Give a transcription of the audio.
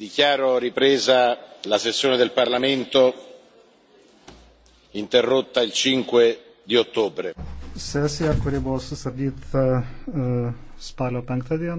dichiaro ripresa la sessione del parlamento interrotta il cinque di ottobre. sesija kuri buvo sustabdyta e, spalio penktą dieną